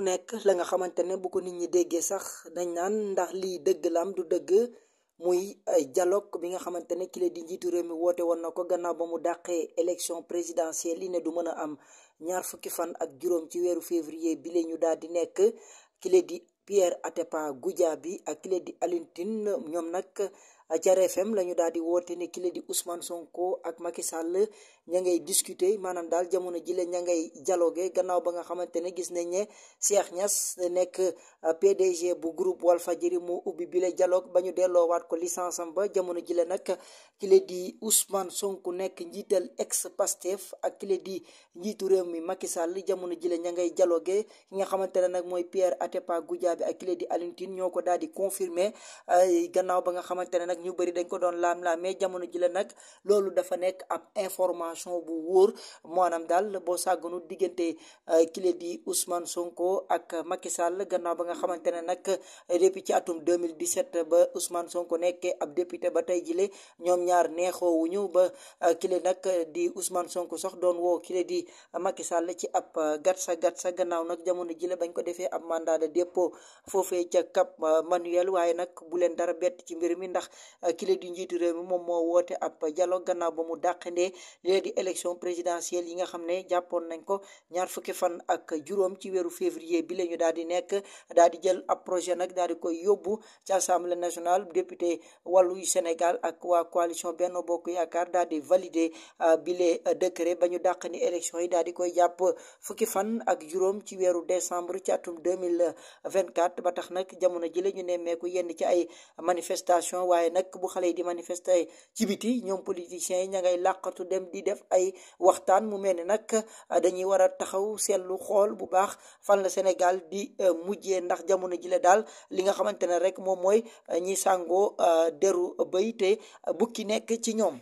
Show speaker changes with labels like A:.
A: bu nekk la nga xamante ne bu ko nit ñi déggee sax dañ naan ndax lii dëgg la am du dëgg muy jalook bi nga xamante ne ki di njiitu réew mi woote woon na ko gannaaw ba mu dàqee élection présidentielle li ne du mën a am ñaar fukki fan ak juróom ci weeru février bi ñu daal di nekk ki la di Pierre Atepa Goudiaby ak kile di alintin ñoom nag Thiaré FM la ñu daal di woote ne kile di Ousmane Sonko ak Macky Sall ña ngay discuter maanaam daal jamono jile ña ngay dialoguer gannaaw ba nga xamante ne gis nañ ne Cheikh Niass nekk euh, PDG bu groupe Walfadjri moo ubbi bile dialogue ba ñu delloowaat ko licence am ba jamono jile nag kile di Ousmane Sonko nekk njiital ex Pastef ak kile di njiitu réew mi Macky Sall jamono jile ña ngay dialoguer ki nga xamante ne nag mooy Pierre Atepa Goudiaby ak kile di Alioune ñoo ko daal di confirmer gannaaw ne nag ñu bëri dañ ko doon laam-laamee jamono jile nag loolu dafa nekk ab information bu wóor maanaam daal boo sàgganu diggante euh, kile di Ousmane Sonko ak Macky Sall gannaaw ba nga xamante ne nag depuis ci atum 2017 ba Ousmane Sonko nekkee ab député ba tey jile ñoom ñaar neexoo wuñu ba euh, kile nag di Ousmane Sonko sax doon woo di Macky Sall ci ab gatsa gatsa gannaaw nag jamono ji la ko defee ab mandat de foofee ca Cap euh, Manuel waaye nag bu dara bett ci mbir mi ndax Euh, kile di njiitu réew mi moom moo woote ab dialogue gannaaw ba mu dàqandee lii di élection présidentielle yi nga xam ne jàppoon nañ ko ñaar fukki fan ak juróom ci weeru février bi la ñu daal di nekk daal di jël ab projet nag daal di koy yóbbu ci assemblée nationale député wàllu Sénégal ak waa coalition Benno Bokk Yaakaar daal di valider euh, bile euh, décret ba ñu dàqandi élection yi daal di koy jàpp fukki fan ak juróom ci weeru décembre ci atum 2024 ba tax nag jamono ji la ñu nemmeeku yenn ci ay manifestation waaye nag nag bu xale yi di manifester ci biti ñoom politiciens yi ña ngay làqatu dem di def ay waxtaan mu mel ni nag dañuy war a taxaw seetlu xool bu baax fan la Sénégal di euh, mujjee ndax jamono ji la daal li nga xamante ne rek moom mooy ñi sàngoo euh, deru bëy te bukki nekk ci ñoom